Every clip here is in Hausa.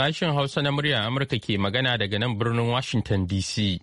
Sashen Hausa na murya Amurka ke magana daga nan birnin Washington DC.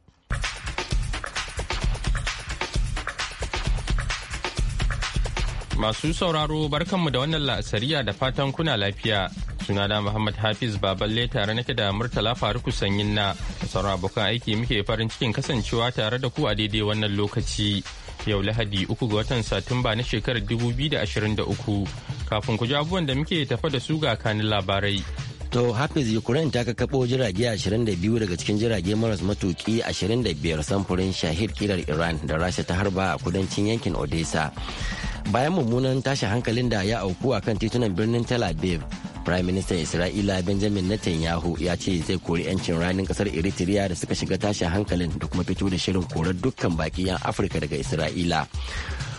Masu sauraro barkanmu da wannan la'asariya da fatan kuna lafiya. Sunana Muhammad Hafiz Baballe tare nake da Murtala Faruku Sanyin na sauran abokan aiki muke farin cikin kasancewa tare da ku a daidai wannan lokaci. Yau Lahadi uku ga watan Satumba na shekarar 2023 kafin ku ji abubuwan da muke tafa da su ga kanin labarai. To Hafiz Ukraine ta kakabo jirage 22 daga cikin jirage maras matuki 25 samfurin Shahid kirar Iran da Rasha ta harba a kudancin yankin Odessa. Bayan mummunan tashin hankalin da ya auku a kan titunan birnin Tel Aviv, Prime Minister Isra'ila Benjamin Netanyahu ya ce zai kori 'yancin ranar kasar Eritrea da suka shiga tashin hankalin da kuma fito da shirin korar dukkan baƙi 'yan Afirka daga Isra'ila.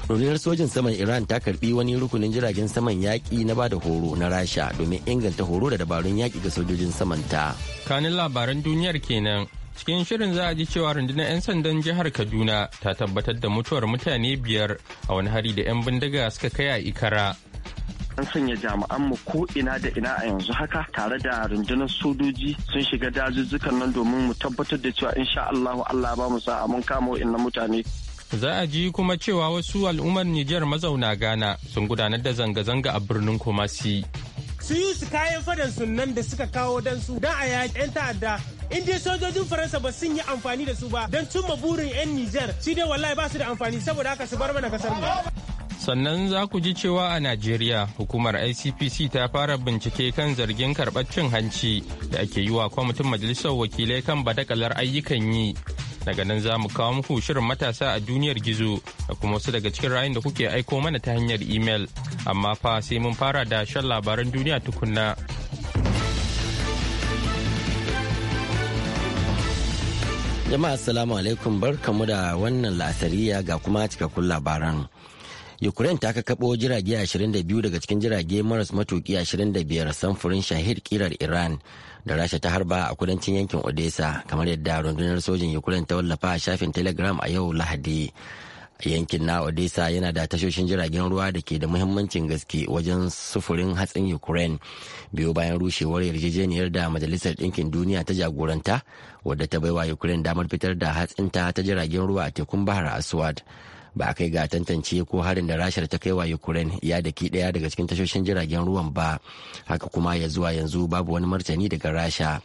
rundunar sojin saman iran ta karbi wani rukunin jiragen saman yaƙi na ba da horo na rasha domin inganta horo da dabarun yaƙi ga sojojin saman ta kanin labaran duniyar kenan cikin shirin za a ji cewa rundunar 'yan sandan jihar kaduna ta tabbatar da mutuwar mutane biyar a wani hari da 'yan bindiga suka kai a ikara an sanya jami'an mu ko ina da ina a yanzu haka tare da rundunar sojoji sun shiga dazuzzukan nan domin mu tabbatar da cewa insha Allahu Allah ba mu sa'a mun kama wa'annan mutane Za a ji kuma cewa wasu al'ummar Nijar mazauna Ghana sun gudanar da zanga-zanga a birnin Kumasi. Su yi su kayan fadan sunan da suka kawo don su don a yaƙi 'yan ta'adda. In dai sojojin Faransa ba sun yi amfani da su ba don cimma burin 'yan Nijar, shi dai wallahi ba su da amfani saboda haka su bar mana kasar mu. sannan za ku ji cewa a najeriya hukumar icpc ta fara bincike kan zargin karɓar cin hanci da ake yi wa kwamitin majalisar wakilai kan badakalar ayyukan yi daga nan za mu kawo muku shirin matasa a duniyar gizo da kuma wasu daga cikin rayun da kuke aiko mana ta hanyar imel amma fa sai mun fara da shan labaran duniya tukunna jama'a assalamu alaikum barkamu da wannan la'asariya ga kuma cikakkun labaran ukraine ta kakabo jirage 22 daga cikin jirage maras matuki 25 samfurin shahid kirar iran da rasha ta harba a kudancin yankin odessa kamar yadda rundunar sojin ukraine ta wallafa a shafin telegram a yau lahadi yankin na odessa yana da tashoshin jiragen ruwa da ke da muhimmancin gaske wajen sufurin hatsin ukraine biyu bayan rushewar yarjejeniyar da majalisar ɗinkin duniya ta jagoranta wadda ta baiwa ukraine damar fitar da hatsinta ta jiragen ruwa a tekun bahar aswad ba a kai ga tantance ko harin da rashar ta kai wa ukraine ya daki daya daga cikin tashoshin jiragen ruwan ba haka kuma ya zuwa yanzu babu wani martani daga rasha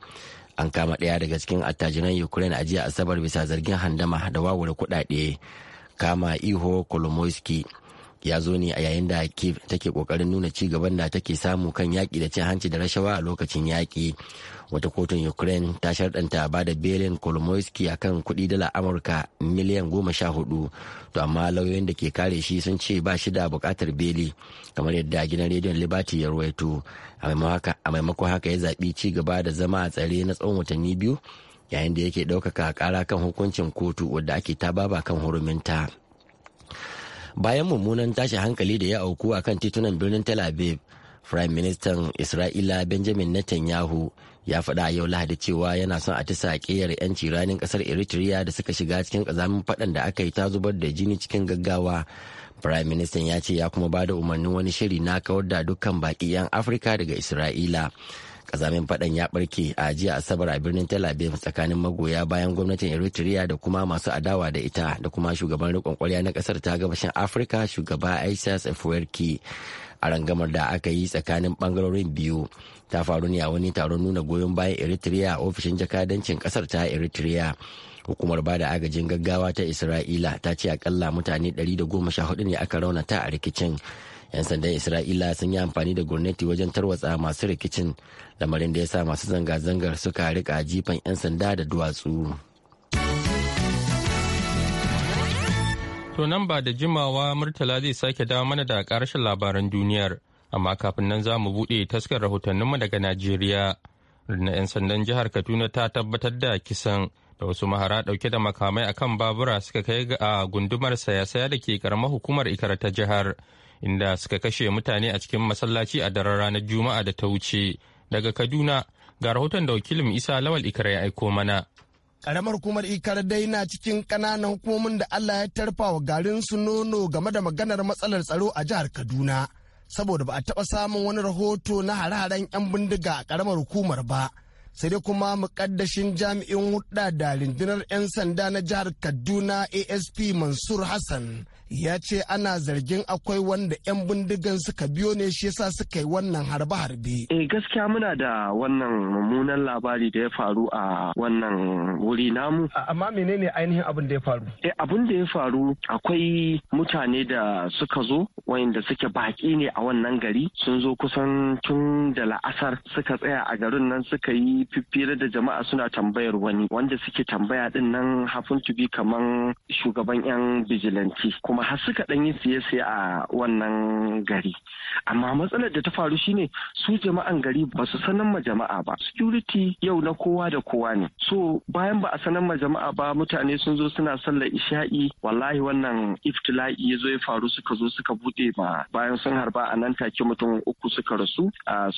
an kama daya daga cikin attajiran ukraine a jiya asabar bisa zargin handama da wawure kudade kama iho kolomoisky ya zo ne a yayin da take kokarin nuna ci gaban da take samu kan yaƙi da cin hanci da rashawa a lokacin yaƙi wata kotun ukraine ta sharɗanta ba da belin kolomoisky a kan kuɗi dala amurka miliyan goma sha hudu to amma lauyoyin da ke kare shi sun ce ba shi da buƙatar beli kamar yadda gidan rediyon liberty ya ruwaito a maimako haka ya zaɓi ci gaba da zama a tsare na tsawon watanni biyu yayin da yake ɗaukaka ƙara kan hukuncin kotu wadda ake ta baba kan huruminta. bayan mummunan tashi hankali da ya auku a kan titunan birnin tel aviv prime minister isra'ila benjamin netanyahu ya faɗa yau lahadi cewa yana son a tisa ƙeyar 'yanci ranin ƙasar eritrea da suka shiga cikin ƙazamin faɗan da aka yi ta zubar da jini cikin gaggawa prime minister ya ce ya kuma ba da umarnin wani shiri na kawar da dukkan baƙi 'yan afirka daga isra'ila kazamin fadan ya barke a jiya asabar a birnin tel aviv tsakanin magoya bayan gwamnatin eritrea da kuma masu adawa da ita da kuma shugaban rikon kwarya na kasar ta gabashin afirka shugaba isas afwerki a rangamar da aka yi tsakanin bangarorin biyu ta faru ne a wani taron nuna goyon bayan eritrea a ofishin jakadancin kasar ta eritrea hukumar ba da agajin gaggawa ta isra'ila ta ce akalla mutane 114 ne aka raunata a rikicin 'yan sandan isra'ila sun yi amfani da gwamnati wajen tarwatsa masu rikicin lamarin da ya sa masu zanga-zangar suka rika jifan 'yan sanda da duwatsu to nan ba da jimawa murtala zai sake dawo mana da karshen labaran duniyar amma kafin nan za mu buɗe taskar rahotanninmu daga najeriya na 'yan sandan jihar katuna ta tabbatar da kisan da wasu mahara ɗauke da makamai akan babura suka kai a gundumar saya-saya da ke karamar hukumar ikar ta jihar inda suka kashe mutane a cikin masallaci a daren ranar juma'a da ta wuce daga kaduna ga rahoton da wakilin isa lawal ikara ya aiko mana karamar hukumar ikar dai na cikin kananan hukumomin da allah ya tarfa wa garin su nono game da maganar matsalar tsaro a jihar kaduna saboda ba a taɓa samun wani rahoto na hare-haren 'yan bindiga a karamar hukumar ba sai dai kuma mukaddashin jami'in hudda da rundunar 'yan sanda na jihar kaduna asp mansur hassan ya ce ana zargin akwai wanda 'yan bindigan suka biyo ne shi yasa suka yi wannan harbe-harbe. Eh gaskiya muna da wannan mummunan labari da ya faru a wannan wuri namu. Amma menene ainihin abin da ya faru? Eh abin da ya faru akwai mutane da suka zo wayanda suke baki ne a wannan gari sun zo kusan tun da la'asar suka tsaya a garin nan suka yi fiffira da jama'a suna tambayar wani wanda suke tambaya din nan hafin tubi kaman shugaban 'yan bijilanci. kuma har suka ɗan yi siye-siye a wannan gari amma matsalar da ta faru shine su jama'an gari ba su sanar ma jama'a ba security yau na kowa da kowa ne so bayan ba a sanar ma jama'a ba mutane sun zo suna sallar isha'i wallahi wannan iftila'i ya zo ya faru suka zo suka buɗe ba. bayan sun harba a nan take mutum uku suka rasu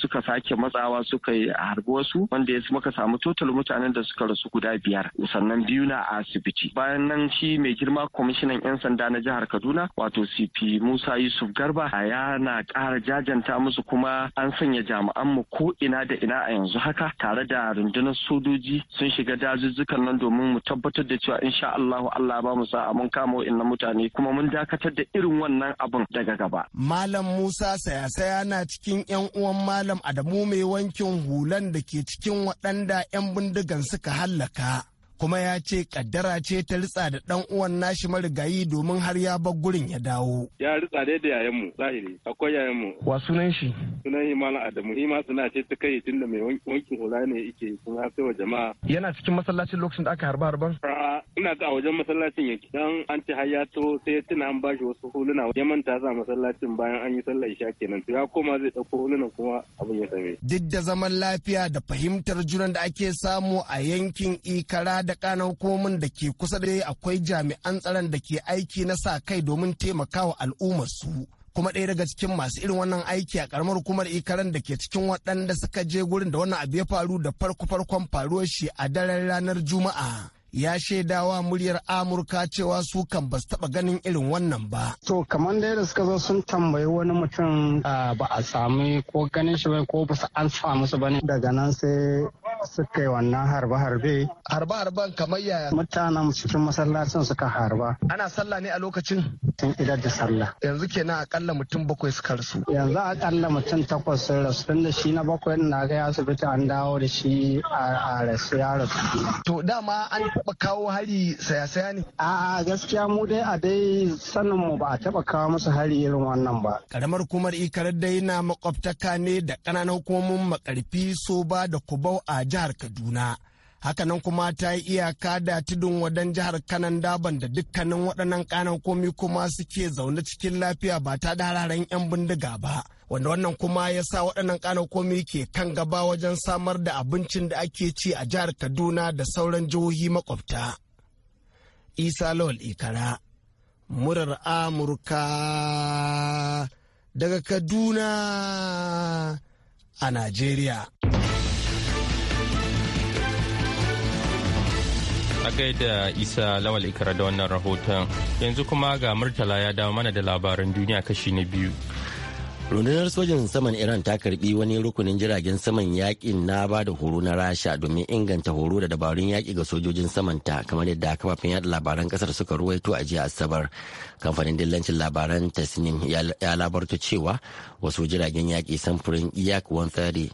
suka sake matsawa suka yi harbi wasu wanda ya muka samu total mutanen da suka rasu guda biyar sannan biyu na asibiti bayan nan shi mai girma kwamishinan 'yan sanda na jihar jihar Kaduna wato CP Musa Yusuf Garba ya na ƙara jajanta musu kuma an sanya jami'an mu ko ina da ina a yanzu haka tare da rundunar sojoji sun shiga dazuzzukan nan domin mu tabbatar da cewa insha Allahu Allah ba mu sa mun kama wa'annan mutane kuma mun dakatar da irin wannan abun daga gaba. Malam Musa saya-saya na cikin 'yan uwan Malam Adamu mai wankin hulan da ke cikin waɗanda 'yan bindigan suka hallaka. kuma ya ce kaddara ce ta ritsa da dan uwan nashi marigayi domin har ya bar gurin ya dawo. Ya ritsa dai da yayan mu zahiri akwai yayan mu. Wa sunan shi? Sunan shi Malam Adamu shi ma suna ce ta kai tunda mai wankin hula ne yake kuma sai wa jama'a. Yana cikin masallacin lokacin da aka harba harban? A'a ina ga wajen masallacin yake dan an ci har ya to sai tuna an bashi wasu huluna ya manta sa masallacin bayan an yi sallar isha kenan to ya koma zai dauko hulunan kuma abin ya same. Duk da zaman lafiya da fahimtar junan da ake samu a yankin Ikara da kanan hukumomin da ke kusa da akwai jami'an tsaron da ke aiki na sa kai domin taimakawa al'ummar su kuma ɗaya daga cikin masu irin wannan aiki a karamar hukumar ikaran da ke cikin waɗanda suka je gurin da wannan abu ya faru da farko-farkon faruwar shi a daren ranar juma'a ya shaidawa muryar amurka cewa su kan ba su taba ganin irin wannan ba. to kamar da suka zo sun tambayi wani mutum ah, ba a sami ko ganin shi ba ko ba su an samu su bane daga nan sai suka yi wannan harbe-harbe. Harbe-harben kamar yaya? Mutanen cikin masallacin suka harba. Ana sallah ne a lokacin? Tun idar da sallah. Yanzu kenan akalla mutum bakwai suka rasu. Yanzu akalla mutum takwas sun rasu tun da shi na bakwai na ga ya asibiti an dawo da shi a rasu ya rasu. To dama an taɓa kawo hari saya-saya ne? A'a gaskiya mu dai a dai sanin mu ba a taɓa kawo musu hari irin wannan ba. Karamar kumar ikarar dai na makwabtaka ne da ƙananan hukumomin makarfi Soba, ba da kubau a jihar kaduna hakanan kuma ta yi iyaka da tudun wadan jihar kanan daban da dukkanin waɗannan kanan komi kuma suke zaune cikin lafiya ba ta da hararen 'yan bindiga ba wanda wannan kuma ya sa waɗannan kanan komi ke kan gaba wajen samar da abincin da ake ci a jihar kaduna da sauran jihohi makwabta isa lawal ikara murar amurka daga kaduna a najeriya A gaida Isa Lawal Ikra da wannan rahoton yanzu kuma ga Murtala ya dawo mana da labaran duniya kashi na biyu. rundunar sojin saman iran ta karbi wani rukunin jiragen saman yakin na ba da horo na rasha domin inganta horo da dabarun yaki ga sojojin saman ta kamar yadda kafafen yada labaran kasar suka ruwaito a jiya asabar kamfanin dillancin labaran tasnim ya labarta cewa wasu jiragen yaki samfurin iyak 130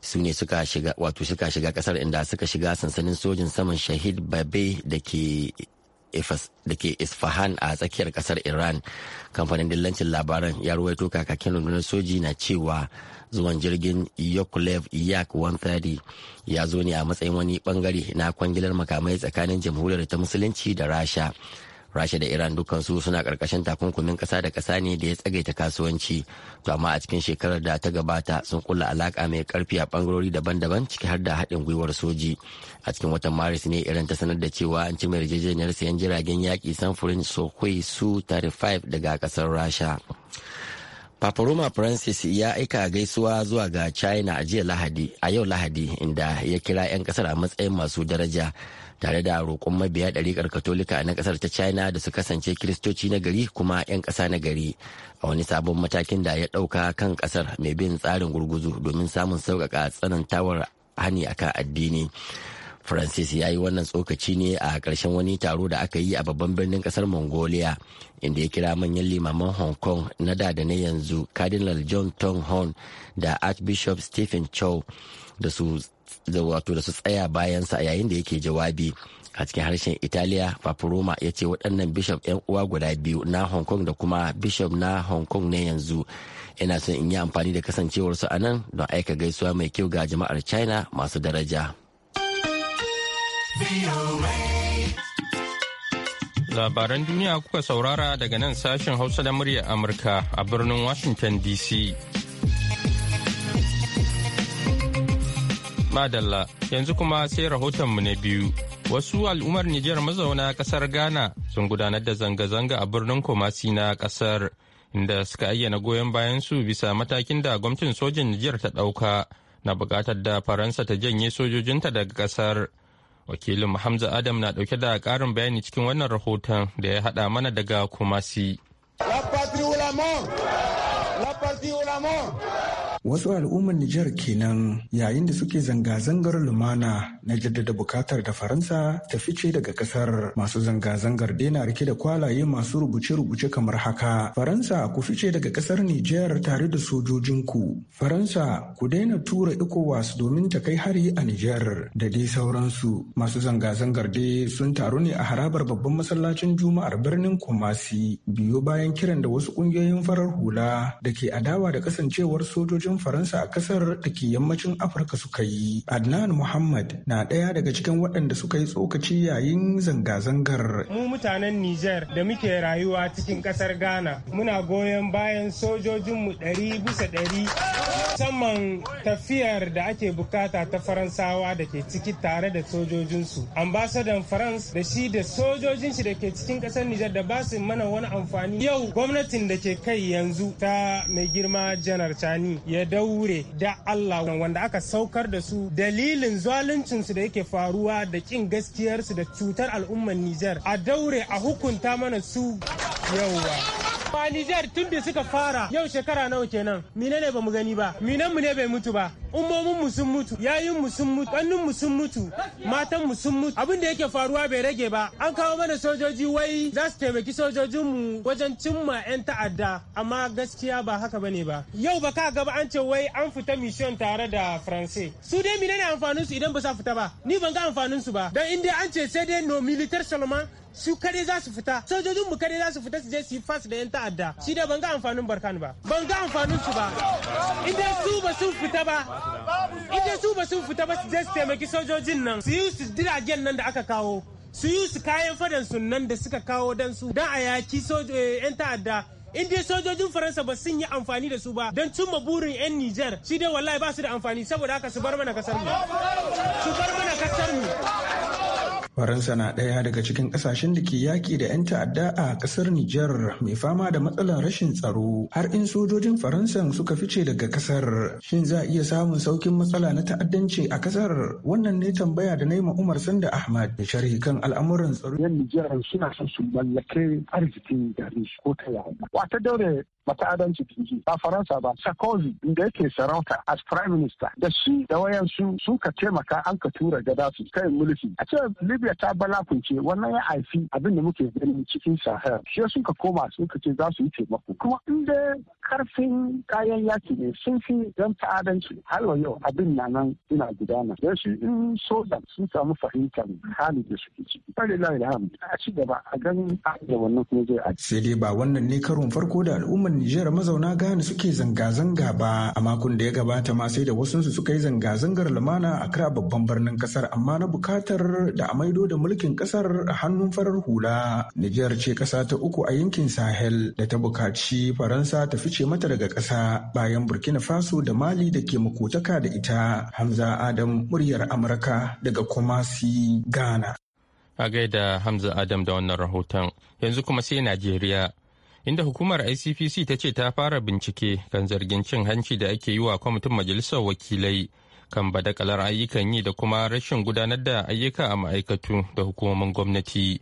su ne suka shiga wato suka shiga kasar inda suka shiga sansanin sojin saman shahid babe da ke isfahan a tsakiyar kasar iran kamfanin dillancin labaran ya ruwaito kakakin rundunar soji na cewa zuwan jirgin yokulev yak 130 ya zo ne a matsayin wani bangare na kwangilar makamai tsakanin jamhuriyar ta musulunci da rasha rasha da iran dukansu suna karkashin takunkumin kasa da kasa ne da ya tsagaita kasuwanci to amma a cikin shekarar da ta gabata sun kula alaka mai karfi a bangarori daban-daban ciki har da haɗin gwiwar soji a cikin watan maris ne iran ta sanar da cewa an ci mai yarjejeniyar sayan jiragen yaƙi samfurin sokwai su 35 daga ƙasar rasha Papa Roma Francis ya aika gaisuwa zuwa ga China a jiya Lahadi, a yau Lahadi inda ya kira 'yan kasar a matsayin masu daraja tare da roƙon mabiya ɗariƙar katolika na ƙasar ta china da su kasance kiristoci na gari kuma 'yan ƙasa na gari a wani sabon matakin da ya ɗauka kan ƙasar mai bin tsarin gurguzu domin samun sauƙaƙa tsanantawar hani akan addini francis ya yi wannan tsokaci ne a ƙarshen wani taro da aka yi a babban birnin ƙasar mongolia inda ya kira manyan limaman hong kong na da da na yanzu cardinal john tong hon da archbishop stephen chow da su da wato da su tsaya bayansa a yayin da yake jawabi a cikin harshen italiya Roma ya ce waɗannan bishop 'yan uwa guda biyu na hong kong da kuma bishop na hong kong na yanzu ina son in yi amfani da kasancewarsu a nan don aika gaisuwa mai kyau ga jama'ar china masu daraja. Labaran duniya kuka saurara daga nan sashen Hausa da muryar Amurka a birnin Washington DC. Madalla yanzu kuma sai rahotonmu na biyu. Wasu al'ummar Nijar mazauna kasar Ghana sun gudanar da zanga-zanga a birnin Kumasi na kasar inda suka ayyana goyon bayan su bisa matakin da gwamnatin sojin Nijar ta ɗauka na buƙatar da Faransa ta janye sojojinta daga kasar. wakilin hamza adam na dauke da karin bayani cikin wannan rahoton da ya hada mana daga kumasi la patrie ou Wasu al'ummar Nijar kenan yayin da suke zanga-zangar lumana na jaddada bukatar da Faransa ta fice daga kasar masu zanga-zangar dai na rike da kwalaye masu rubuce-rubuce kamar haka. Faransa ku fice daga kasar Nijar tare da sojojinku. Faransa ku daina tura ECOWAS domin ta kai hari a Nijar da dai sauransu. Masu zanga-zangar dai sun taru ne a harabar babban masallacin Juma'ar birnin Kumasi biyo bayan kiran da wasu ƙungiyoyin farar hula da ke adawa da kasancewar sojojin Faransa a kasar da ke yammacin Afirka suka yi. Adnan Muhammad na ɗaya daga cikin waɗanda suka yi tsokaci yayin zanga-zangar. Mu mutanen Nijar da muke rayuwa cikin ƙasar Ghana muna goyon bayan sojojinmu ɗari bisa ɗari musamman tafiyar da ake bukata ta Faransawa da ke ciki tare da sojojinsu. Ambasadan Farans da shi da sojojin shi da ke cikin ƙasar Nijar da ba su mana wani amfani. Yau gwamnatin da ke kai yanzu ta mai girma janar Chani ya daure da Allah wanda aka saukar da su dalilin zaluncinsu da yake faruwa da kin gaskiyarsu da cutar al'ummar Nijar a daure a hukunta mana su yauwa. Ba Nijar tun da suka fara yau shekara nawa kenan. Mine ne ba mu gani ba. Minan mu ne bai mutu ba. umomin mu sun mutu yayin mu sun mutu ƙannin mu sun mutu matan mu sun mutu abin da yake faruwa bai rage ba an kawo mana sojoji wai za su taimaki sojojin mu wajen cimma yan ta'adda amma gaskiya ba haka bane ba yau ba ka gaba an ce wai an fita mission tare da france su dai menene amfanin su idan ba sa fita ba ni ban ga amfanin su ba dan inda an ce sai dai no militaire salman su kare za su fita sojojin mu kare za su fita su je su fas da yan ta'adda shi da ban ga amfanin barkan ba ban ga amfanin su ba idan su ba sun fita ba Ita su ba su fita ba su je su taimaki sojojin nan su yi su jiragen nan da aka kawo su yi su kayan fadan nan da suka kawo dan su dan a yaki eh, 'yan ta'adda in dai sojojin faransa ba sun yi amfani da su ba don cimma burin 'yan nijar shi dai wallahi ba su da amfani saboda haka su bar mana kasar mu su bar mana kasar mu Faransa na ɗaya daga cikin ƙasashen da ke yaƙi da 'yan ta'adda a ƙasar Nijar mai fama da matsalar rashin tsaro har in sojojin faransa suka fice daga ƙasar. Shin za a iya samun saukin matsala na ta'addanci a ƙasar? Wannan ne tambaya da Naima Umar Sanda Ahmad da sharhi kan al'amuran tsaro. Yan Nijar suna son su mallake arzikin garin ko ta yaya. Wata daure mata'adanci tinji ba Faransa ba Sarkozy da yake sarauta as prime minister da shi da wayansu ka taimaka an ka tura gada su kai mulki. A cewa Libya libya ta balakunce wannan ya haifi abin da muke ganin cikin sahel shi suka ka koma suka zasu ce za su yi taimako kuma inda karfin kayan yaki ne sun fi don ta'adanci har wa yau abin na nan ina gudana don shi in soja sun samu fahimtar hali da suke ciki bari lai a ci gaba a ganin da wannan kuma zai a sai dai ba wannan ne karon farko da al'ummar Nijar mazauna gane suke zanga-zanga ba a makon da ya gabata ma sai da wasu su suka yi zanga-zangar lumana a kira babban birnin kasar amma na bukatar da a maido da mulkin kasar hannun farar hula Nijar ce kasa ta uku a yankin Sahel da ta bukaci Faransa ta fice arce mata daga ƙasa bayan burkina faso da mali da ke makotaka da ita hamza adam muryar amurka daga kumasi ghana a gaida hamza adam da wannan rahoton yanzu kuma sai najeriya inda hukumar icpc ta ce ta fara bincike kan zargin cin hanci da ake yi wa kwamitin majalisar wakilai kan badakalar ayyukan yi da kuma rashin gudanar da ayyuka a ma'aikatu da hukumomin gwamnati.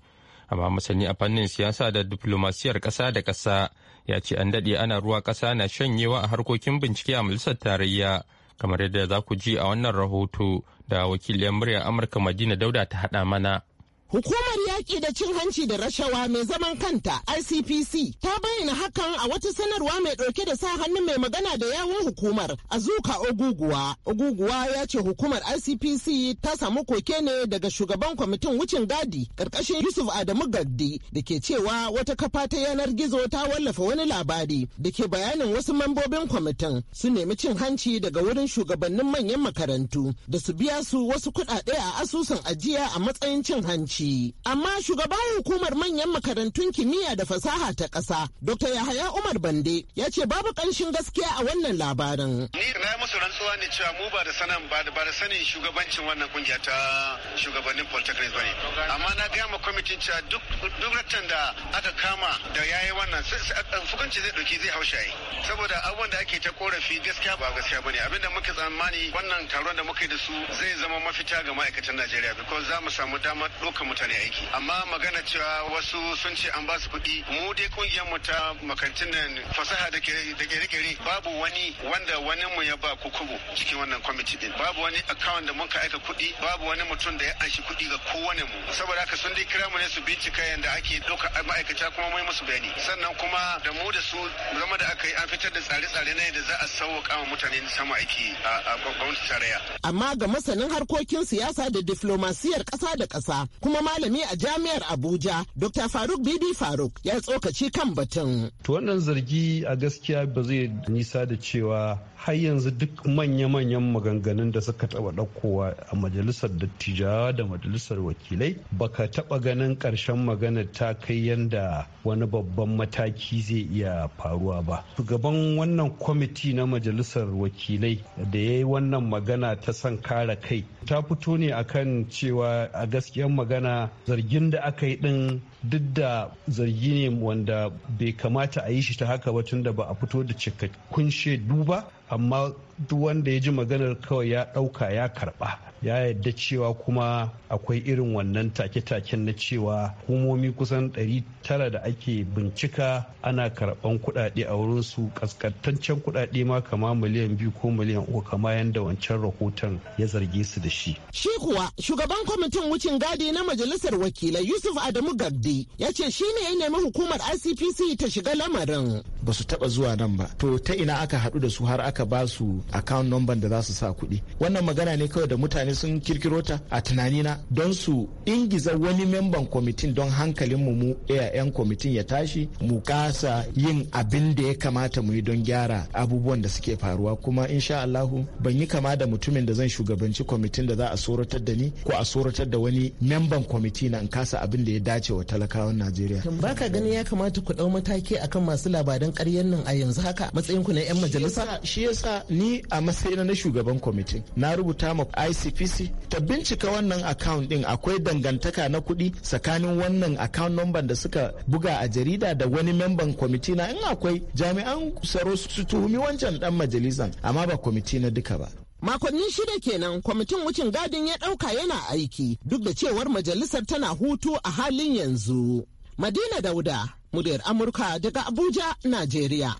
amma masani a fannin siyasa da diplomasiyar ƙasa da ƙasa ya ce an daɗe ana ruwa ƙasa na shanyewa a harkokin bincike a majalisar tarayya kamar yadda za ku ji a wannan rahoto da wakiliyar murya amurka madina dauda ta haɗa mana Hukumar yaƙi da cin hanci da rashawa mai zaman kanta ICPC ta bayyana hakan a wata sanarwa mai ɗauke da sa hannun mai magana da yawon hukumar Azuka Oguguwa. Oguguwa ya ce hukumar ICPC ta samu koke ne daga shugaban kwamitin wucin gadi ƙarƙashin Yusuf Adamu Gaddi da ke cewa wata kafa ta yanar gizo ta wallafa wani labari da ke bayanin wasu mambobin kwamitin su nemi cin hanci daga wurin shugabannin manyan makarantu da su biya su wasu kuɗaɗe a asusun ajiya a matsayin cin hanci. Amma shugaban hukumar manyan makarantun kimiyya da fasaha ta ƙasa, Dr. Yahaya Umar Bande, ya ce babu ƙanshin gaskiya a wannan labarin. Ni na musu rantsuwa ne cewa mu ba da sanan ba da sanin shugabancin wannan kungiya ta shugabannin polytechnics ba ne. Amma na gaya ma kwamitin cewa duk rattan da aka kama da yayi wannan fukanci eh, zai ɗauki zai haushaye. Saboda abubuwan da ake ta korafi gaskiya ba gaskiya ba ne. Abinda muke tsammani wannan taron da muka yi da su zai zama mafita ga ma'aikatan Najeriya. Because za mu samu damar ɗaukar kan mutane aiki amma magana cewa wasu sun ce an ba su kuɗi mu dai kungiyar mu ta makarantun nan fasaha da kere-kere babu wani wanda wani mu ya ba kukubu cikin wannan kwamiti din babu wani account da mun ka aika kuɗi babu wani mutum da ya anshi kuɗi ga kowane mu saboda haka sun dai kira mu ne su bincika yanda ake ɗauka ma'aikata kuma mai musu bayani sannan kuma da mu da su zama da aka yi an fitar da tsare-tsare na yadda za a sauwaƙa wa mutane samu aiki a gwamnati tarayya. Amma ga masanin harkokin siyasa da diflomasiyar kasa da kasa. kuma kuma malami a jami'ar Abuja Dr. Faruk Bidi Faruk ya tsokaci kan batun. To wannan zargi a gaskiya ba zai nisa da cewa har yanzu duk manya-manyan maganganun da suka taba ɗaukowa a majalisar dattijawa da majalisar wakilai baka taba ganin ƙarshen magana ta kai yanda wani babban mataki zai iya faruwa ba shugaban wannan kwamiti na majalisar wakilai da ya yi wannan magana ta son kare kai ta fito ne akan cewa a gaskiyar magana zargin da aka yi din duk da zargi ne wanda bai kamata a yi shi ta haka ba da ba a fito da cikakkun shaidu ba amma duk wanda ya ji maganar kawai ya ɗauka ya karɓa ya yadda cewa kuma akwai irin wannan take-taken na cewa hukumomi kusan 900 da ake bincika ana karɓan kuɗaɗe a wurin su kaskantaccen kuɗaɗe ma kama miliyan biyu ko miliyan uku kama yadda wancan rahoton ya zarge su da shi. Shi kuwa shugaban kwamitin wucin gadi na majalisar wakilai Yusuf Adamu Gagdi ya ce shi ne ya nemi hukumar ICPC ta shiga lamarin. Ba su taɓa zuwa nan ba. To ta ina aka haɗu da su har aka ba su account number da za su sa kuɗi. Wannan magana ne kawai da mutane sun kirkiro ta a tunani na don su ingiza wani memban kwamitin don hankalin mu mu yan kwamitin ya tashi mu kasa yin abin da ya kamata mu yi don gyara abubuwan da suke faruwa kuma insha Allahu ban yi kama da mutumin da zan shugabanci kwamitin da za a soratar da ni ko a soratar da wani memban kwamiti na in kasa abin da ya dace wa talakawan Najeriya. Baka ganin ya kamata ku dau mataki akan masu labaran ƙaryen nan a yanzu haka matsayin ku na 'yan majalisa? Shi yasa ni a matsayina na shugaban kwamitin na rubuta ma ISIC IPC? ta bincika wannan account din akwai dangantaka na kuɗi tsakanin wannan account number da suka buga a jarida da wani memban kwamiti na in akwai jami'an tsaro su tuhumi wancan dan majalisan amma ba kwamiti na duka ba makonni shida kenan kwamitin wucin gadin ya ɗauka yana aiki duk da cewar majalisar tana hutu a halin yanzu madina dauda muryar amurka daga abuja najeriya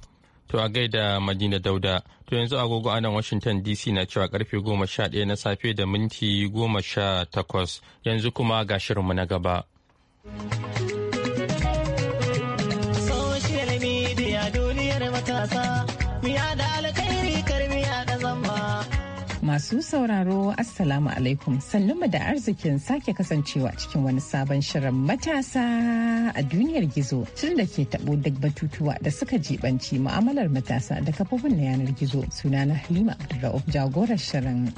To a gaida Madina Dauda, to yanzu agogo a nan Washington DC na cewa karfe goma sha ɗaya na safe da minti goma sha takwas yanzu kuma ga shirinmu na gaba. Masu sauraro Assalamu alaikum sannunmu da arzikin sake kasancewa cikin wani sabon shirin matasa a duniyar gizo shirin da ke tabo duk batutuwa da suka jibanci mu'amalar matasa da kafofin na yanar gizo suna na Halima Abdullahi jagorar shirin.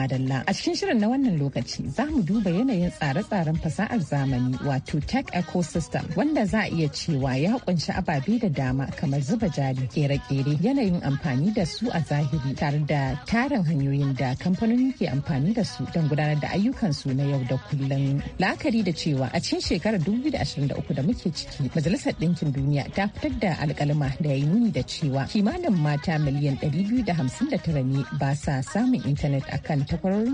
madalla. A cikin shirin na wannan lokaci za mu duba yanayin tsare-tsaren fasahar zamani wato tech ecosystem wanda za a iya cewa ya kunshi ababe da dama kamar zuba jari kere-kere yanayin amfani da su a zahiri tare da tarin hanyoyin da kamfanoni ke amfani da su don gudanar da ayyukansu na yau da kullum. La'akari da cewa a cikin shekarar 2023 da muke ciki majalisar ɗinkin duniya ta fitar da alƙalama da ya yi nuni da cewa kimanin mata miliyan tara ne ba sa samun intanet akan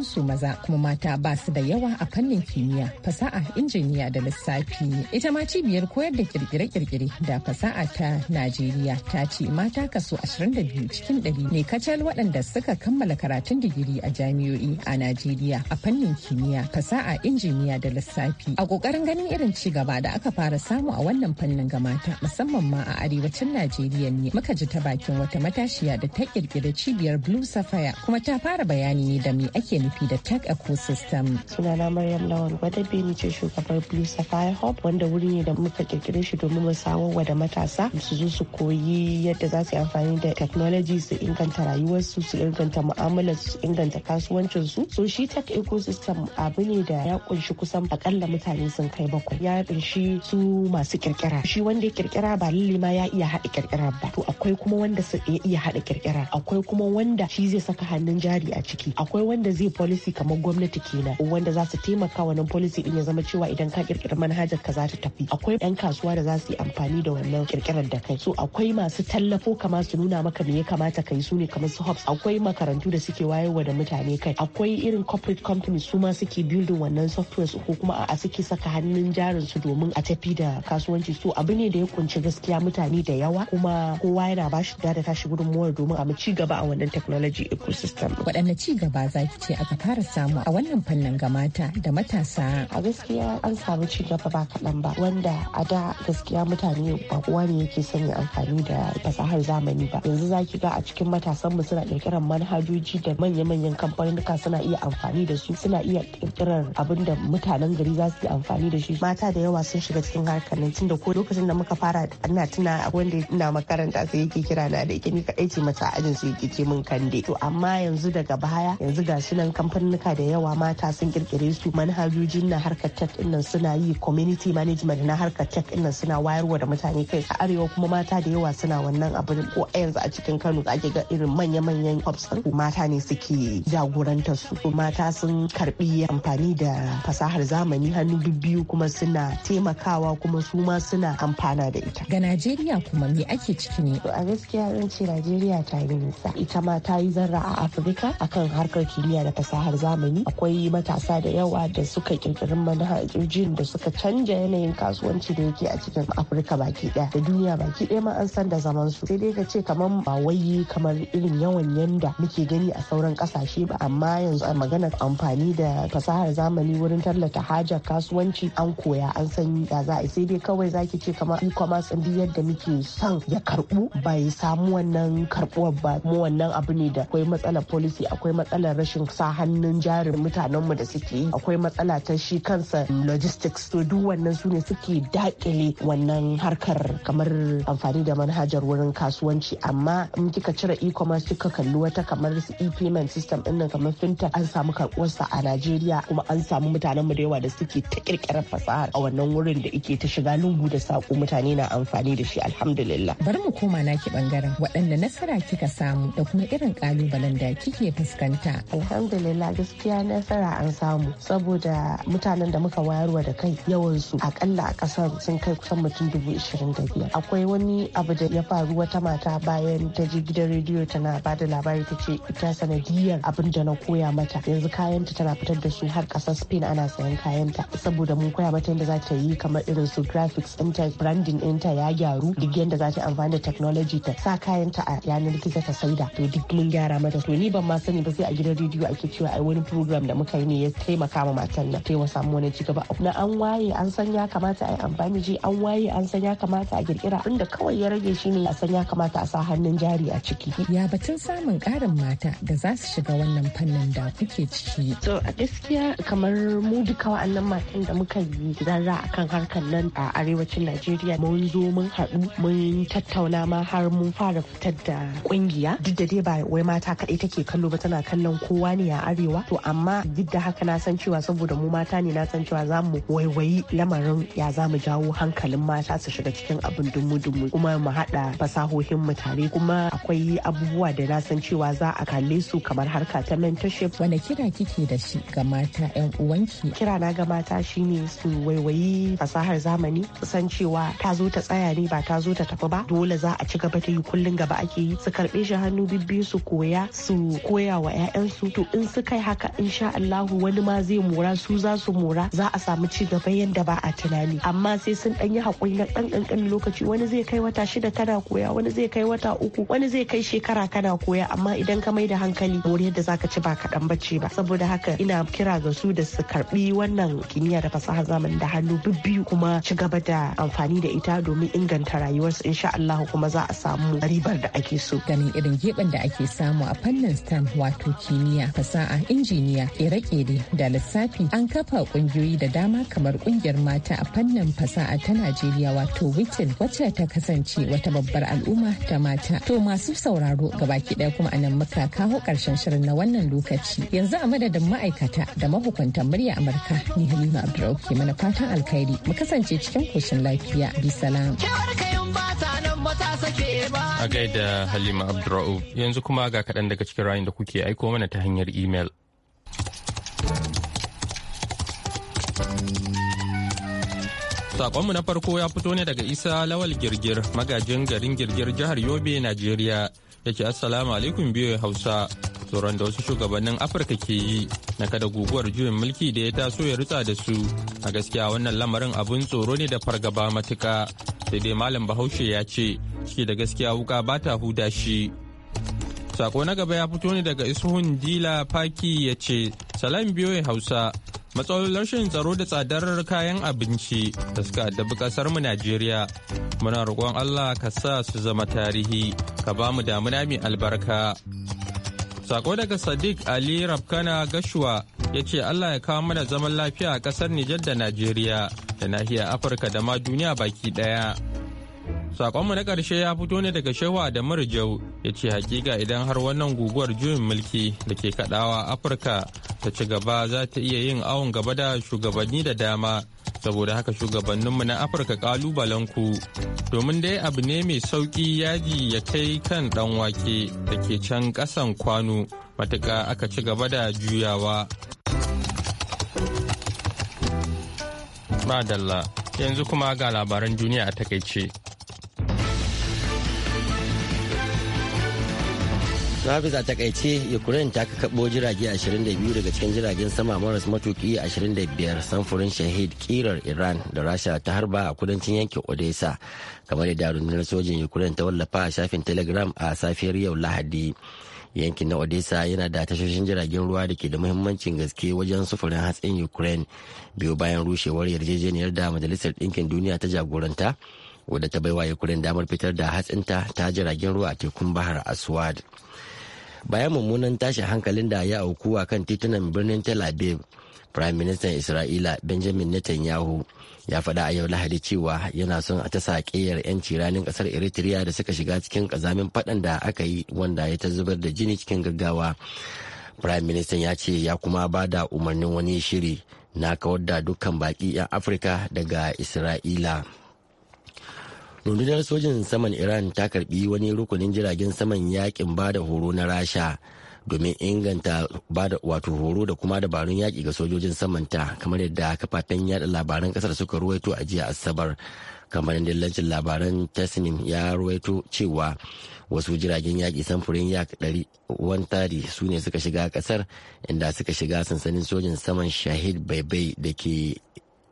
su maza kuma mata ba su da yawa a fannin kimiyya fasaha injiniya da lissafi ita ma cibiyar koyar da kirkire-kirkire da fasaha ta najeriya ta ce mata kaso 22 cikin 100 ne kacal waɗanda suka kammala karatun digiri a jami'o'i a najeriya a fannin kimiyya fasaha injiniya da lissafi a ƙoƙarin ganin irin ci gaba da aka fara samu a wannan fannin ga mata musamman ma a arewacin najeriya ne muka ji ta bakin wata matashiya da ta kirkiri cibiyar blue sapphire kuma ta fara bayani ne da me ake nufi da tag ecosystem. Sunana Maryam Lawan Gwadabe ni ce shugabar Blue Sapphire Hub wanda wuri ne da muka kirkire shi domin mu wa da matasa su zo su koyi yadda za su yi amfani da technology su inganta rayuwarsu su inganta mu'amalar su inganta kasuwancinsu. So shi tag ecosystem abu ne da ya kunshi kusan akalla mutane sun kai bakwai ya kunshi su masu kirkira shi wanda ya kirkira ba lalle ma ya iya haɗa kirkira ba to akwai kuma wanda su iya haɗa kirkira akwai kuma wanda shi zai saka hannun jari a ciki akwai wanda zai policy kamar gwamnati kenan wanda za su taimaka wannan policy din ya zama cewa idan ka kirkira manhajar ka za ta tafi akwai yan kasuwa da za su yi amfani da wannan kirkirar da kai so akwai masu tallafo kamar su nuna maka me ya kamata kai su ne kamar su hubs akwai makarantu da suke wayarwa da mutane kai akwai irin corporate company su ma suke building wannan software su ko kuma a suke saka hannun jarin su domin a tafi da kasuwanci so abu ne da ya kunci gaskiya mutane da yawa kuma kowa yana ba shi da tashi gudunmuwar domin a ci gaba a wannan technology ecosystem waɗanne ci gaba za ce aka fara samu a wannan fannin ga mata da matasa. A gaskiya an samu ci gaba ba kaɗan ba wanda a da gaskiya mutane ba kowa ne yake son amfani da fasahar zamani ba. Yanzu za ki ga a cikin matasan mu suna ƙirƙirar manhajoji da manya-manyan kamfanonuka suna iya amfani da su suna iya ƙirƙirar abin da mutanen gari za su yi amfani da shi. Mata da yawa sun shiga cikin harkar nan tunda ko lokacin da muka fara ana tuna wanda ina makaranta sai yake kira na da ita ni kaɗai ce mata ajin su yake ce min kande. To amma yanzu daga baya yanzu ga gashi nan kamfanuka da yawa mata sun kirkire su manhajojin na harkar tech din nan suna yi community management na harkar tech din nan suna wayarwa da mutane kai a arewa kuma mata da yawa suna wannan abin ko a yanzu a cikin Kano ake ga irin manya-manyan hubs mata ne suke jagorantar su mata sun karbi amfani da fasahar zamani hannu biyu kuma suna taimakawa kuma su ma suna amfana da ita ga Najeriya kuma me ake ciki ne a gaskiya zan ce Najeriya ta yi nisa ita ma ta yi zarra a Afirka akan harkar kimiyya kimiyya da fasahar zamani akwai matasa da yawa da suka kirkiri manhajojin da suka canja yanayin kasuwanci da yake a cikin afirka baki daya da duniya baki daya ma an san da zaman su sai dai ka ce kamar ba wai kamar irin yawan yanda muke gani a sauran kasashe ba amma yanzu a maganar amfani da fasahar zamani wurin tallata hajar kasuwanci an koya an san ya za a sai dai kawai zaki ce kamar e-commerce din yadda muke son ya karbu bai samu wannan karbuwar ba mu wannan abu ne da akwai matsalar policy akwai matsalar rashin rashin sa hannun jarin mutanenmu da suke yi akwai matsala ta shi kansa logistics to duk wannan su ne suke dakile wannan harkar kamar amfani da manhajar wurin kasuwanci amma in kika cire e-commerce kika kalli wata kamar su e-payment system din nan kamar fintech an samu karɓuwarsa a Najeriya kuma an samu mutanenmu da yawa da suke ta kirkirar fasahar a wannan wurin da ike ta shiga lungu da sako mutane na amfani da shi alhamdulillah. Bar mu koma naki bangaren waɗanda nasara kika samu da kuma irin ƙalubalen da kike fuskanta. alhamdulillah gaskiya nasara an samu saboda mutanen da muka wayarwa da kai yawansu akalla a kasar sun kai kusan mutum dubu ishirin da biyar akwai wani abu da ya faru wata mata bayan ta je gidan rediyo tana ba da labari ta ce ita sanadiyar abin da na koya mata yanzu kayanta tana fitar da su har kasar spain ana sayan kayanta saboda mun koya mata yadda za ta yi kamar irin su graphics inta branding inta ya gyaru duk yadda za ta amfani da technology ta sa kayanta a yanar gizo ta saida to duk mun gyara mata to ni ban ma sani ba sai a gidan bidiyo ake cewa ai wani program da muka yi ne ya taimaka ma matan nan taimaka samu wani cigaba na an waye an san ya kamata a yi amfani ji an waye an san ya kamata a kirkira inda kawai ya rage shi ne a san ya kamata a sa hannun jari a ciki ya batun samun karin mata da za su shiga wannan fannin da kuke ciki to a gaskiya kamar mu duka wa'annan matan da muka yi zarra kan harkar nan a arewacin Najeriya mun zo mun haɗu mun tattauna ma har mun fara fitar da ƙungiya. duk da dai ba wai mata kaɗai take kallo ba tana kallon ko kowa ne a arewa to amma duk da haka na san cewa saboda mu mata ne na san cewa za mu waiwayi lamarin ya za mu jawo hankalin mata su shiga cikin abin dumu-dumu kuma mu haɗa fasahohin mu tare kuma akwai abubuwa da na san cewa za a kalle su kamar harka ta mentorship wanda kira kike da shi ga mata yan uwanki kira na ga mata shine su waiwayi fasahar zamani san cewa ta zo ta tsaya ne ba ta zo ta tafi ba dole za a ci gaba ta yi kullun gaba ake yi su karbe shi hannu bibbi su koya su koya wa 'ya'yansu in su kai haka sha Allahu wani ma zai mora su za su mora za a samu ci gaba yadda ba a tunani amma sai sun dan yi hakuri na dan kankan lokaci wani zai kai wata shida kana koya wani zai kai wata uku wani zai kai shekara kana koya amma idan ka mai da hankali wuri yadda zaka ci ba kaɗan bace ba saboda haka ina kira ga su da su karɓi wannan kimiyya da fasaha zaman da hannu bibbiyu kuma ci gaba da amfani da ita domin inganta rayuwarsu insha Allah kuma za a samu ribar da ake so ganin irin geben da ake samu a fannin STEM wato kimiyya kimiyya fasaha injiniya kere-kere da lissafi an kafa kungiyoyi da dama kamar kungiyar mata a fannin fasaha ta najeriya wato witin wacce ta kasance wata babbar al'umma ta mata to masu sauraro gabaki ɗaya kuma anan muka kawo ƙarshen shirin na wannan lokaci yanzu a madadin ma'aikata da mahukuntan murya amurka ni halima abdulrauke mana fatan alkhairi mu kasance cikin koshin lafiya bisalam. A gaida Halima Abdurra'u yanzu kuma ga kaɗan daga cikin rayun da kuke aiko mana ta hanyar imel. saƙonmu na farko ya fito ne daga Isa Lawal Girgir, magajin garin Girgir jihar Yobe, Najeriya, da ke Assalamu alaikum biyu Hausa. Tsoron da wasu shugabannin Afirka ke yi na kada guguwar juyin mulki da ya taso ya rutsa da su. A gaskiya wannan lamarin abun tsoro ne da fargaba matuka. sai dai malam bahaushe ya ce shi da gaskiya wuka ba ta huda shi sako na gaba ya fito ne daga isuhun dila faki ya ce salam ya hausa matsalolin rashin tsaro da tsadar kayan abinci da suka addabi kasar mu najeriya muna roƙon allah ka sa su zama tarihi ka ba mu damuna mai albarka sako daga sadiq ali rafkana gashuwa ya ce Allah ya kawo mana zaman lafiya a ƙasar Nijar da Najeriya da nahiyar Afirka da ma duniya baki ɗaya. Sakonmu na ƙarshe ya fito ne daga Shehu da Murjau ya ce hakika idan har wannan guguwar juyin mulki da ke kaɗawa Afirka ta ci gaba za ta iya yin awon gaba da shugabanni da dama saboda haka shugabanninmu na afirka ku. domin dai abu ne mai sauki yaji ya kai kan ɗan wake da ke can ƙasan kwano matuƙa aka ci gaba da juyawa dalla yanzu kuma ga labaran duniya a takaice. Travis a takaice Ukraine ta kakabo jirage 22 daga cikin jiragen sama maras matuki 25 samfurin shahid kirar Iran da Rasha ta harba a kudancin yankin Odessa kamar da rundunar sojin Ukraine ta wallafa a shafin Telegram a safiyar yau Lahadi. yankin na odessa yana da tashoshin jiragen ruwa da ke da muhimmancin gaske wajen sufurin hatsin ukraine biyu bayan rushewar yarjejeniyar da majalisar ɗinkin duniya ta jagoranta wadda ta baiwa ukraine damar fitar da hatsinta ta jiragen ruwa a tekun bahar aswad bayan mummunan tashin hankalin da ya auku a kan titunan birnin tel aviv Prime Minister Isra'ila Benjamin Netanyahu ya faɗa a yau Lahadi cewa yana son a ta saƙeyar 'yanci ranin ƙasar Eritrea da suka shiga cikin ƙazamin faɗan da aka yi wanda ya ta zubar da jini cikin gaggawa. Prime Minister ya ce ya kuma ba da umarnin wani shiri na kawar da dukkan baƙi 'yan Afirka daga Isra'ila. rundunar sojin saman iran ta karbi wani rukunin jiragen saman yakin bada horo na rasha domin inganta bada wato horo da kuma dabarun yaƙi ga sojojin samanta kamar yadda kafafen yada labaran ƙasar suka ruwaito a jiya asabar kamar dillancin labaran tasnim ya ruwaito cewa wasu jiragen yaƙi samfurin yak 130 su ne suka shiga ƙasar inda suka shiga sansanin sojin saman shahid baibai da ke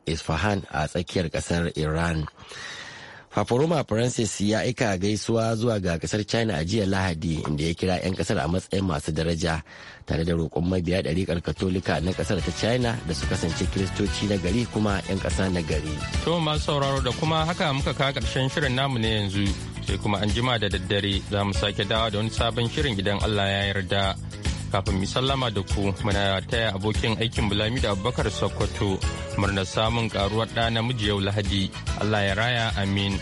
isfahan a tsakiyar ƙasar iran Paparoma Francis ya aika gaisuwa zuwa ga kasar China a jiya Lahadi inda ya kira 'yan kasar a matsayin masu daraja tare da roƙon mabiya ɗariƙar Katolika na kasar ta China da su kasance Kiristoci na gari kuma 'yan ƙasa na gari. To masu sauraro da kuma haka muka kawo ƙarshen shirin namu na yanzu sai kuma an jima da daddare za mu sake dawa da wani sabon shirin idan Allah ya yarda. kafin mu sallama da ku muna taya abokin aikin bulami da abubakar sokoto murnar samun karuwar ɗa namiji yau lahadi allah ya raya amin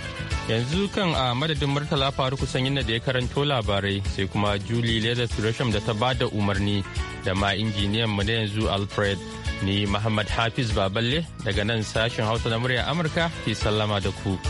yanzu kan a madadin murtala faru kusan yadda da ya karanto labarai sai kuma Juli leda da ta bada umarni da ma injiniyan mu na yanzu alfred ni muhammad hafiz baballe daga nan sashen hausa na murya amurka ke sallama da ku.